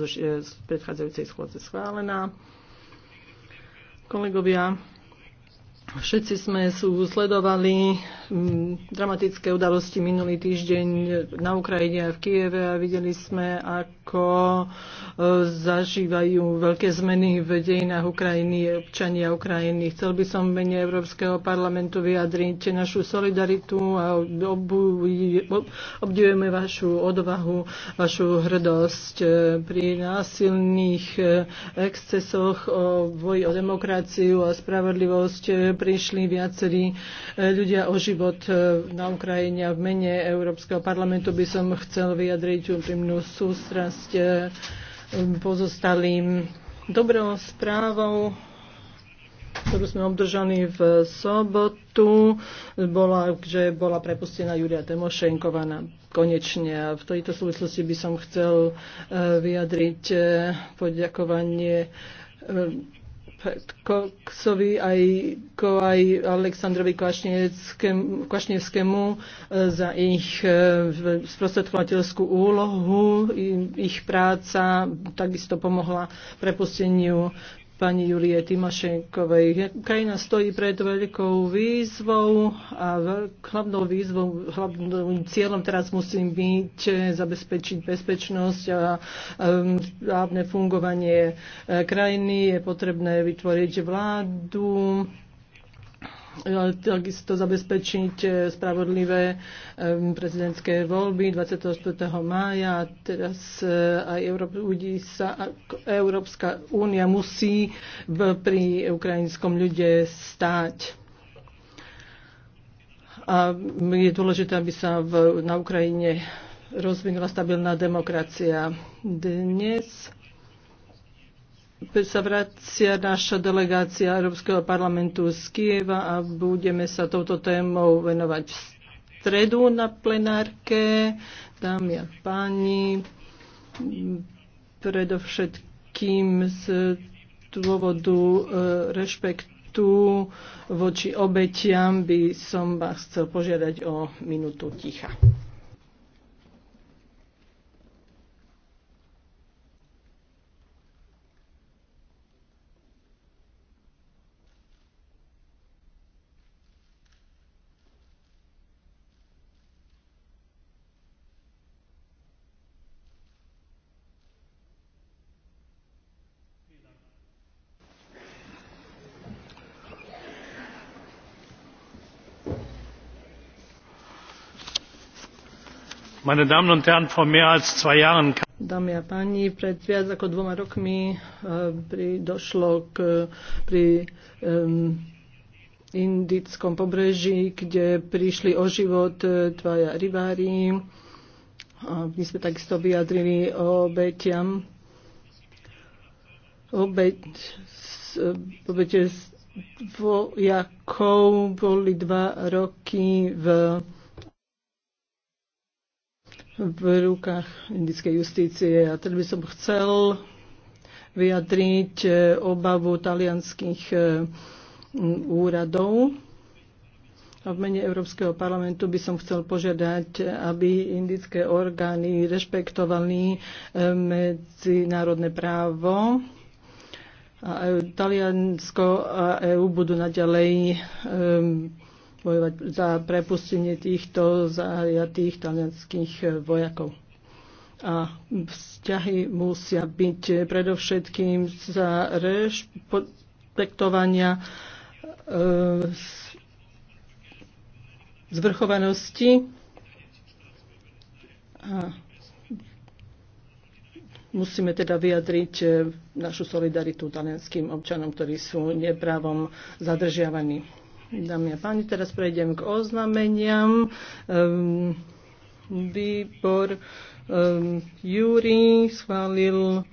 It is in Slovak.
z predchádzajúcej schôdze schválená. Kolegovia, Všetci sme sú sledovali mm, dramatické udalosti minulý týždeň na Ukrajine a v Kieve a videli sme, ako e, zažívajú veľké zmeny v dejinách Ukrajiny, občania Ukrajiny. Chcel by som v mene Európskeho parlamentu vyjadriť našu solidaritu a obdivujeme vašu odvahu, vašu hrdosť e, pri násilných e, excesoch o boji o demokraciu a spravodlivosť prišli viacerí e, ľudia o život e, na Ukrajine a v mene Európskeho parlamentu by som chcel vyjadriť úprimnú sústrasť e, pozostalým dobrou správou ktorú sme obdržali v sobotu, bola, že bola prepustená Julia Temošenková na konečne. A v tejto súvislosti by som chcel vyjadriť poďakovanie Koksovi aj, ko aj Aleksandrovi Kvašnevskému e, za ich e, sprostredkovateľskú úlohu. Ich práca takisto pomohla prepusteniu pani Julie Timošenkovej. Krajina stojí pred veľkou výzvou a hlavnou výzvou, hlavným cieľom teraz musí byť eh, zabezpečiť bezpečnosť a právne fungovanie eh, krajiny. Je potrebné vytvoriť vládu, takisto zabezpečiť e, spravodlivé e, prezidentské voľby 24. mája. Teraz e, aj Európska únia musí pri ukrajinskom ľude stáť a je dôležité, aby sa v, na Ukrajine rozvinula stabilná demokracia. Dnes sa vracia naša delegácia Európskeho parlamentu z Kieva a budeme sa touto témou venovať v stredu na plenárke. Dámy a páni, predovšetkým z dôvodu e, rešpektu voči obetiam by som vás chcel požiadať o minútu ticha. meine Damen und Herren, vor mehr als zwei Jahren Dámy a páni, pred viac ako dvoma rokmi eh, pri, došlo k, eh, pri um, indickom pobreží, kde prišli o život eh, dvaja rybári. my sme takisto vyjadrili o obetiam. Obeť, obete vojakov boli dva roky v v rukách indickej justície. A teda by som chcel vyjadriť eh, obavu talianských eh, úradov. A v mene Európskeho parlamentu by som chcel požiadať, aby indické orgány rešpektovali eh, medzinárodné právo. A Taliansko a EU budú naďalej bojovať za prepustenie týchto zajatých talianských vojakov. A vzťahy musia byť predovšetkým za rešpektovania e, zvrchovanosti a musíme teda vyjadriť našu solidaritu talianským občanom, ktorí sú neprávom zadržiavaní. Dámy a páni, teraz prejdem k oznameniam. Ehm, výbor ehm, Júri schválil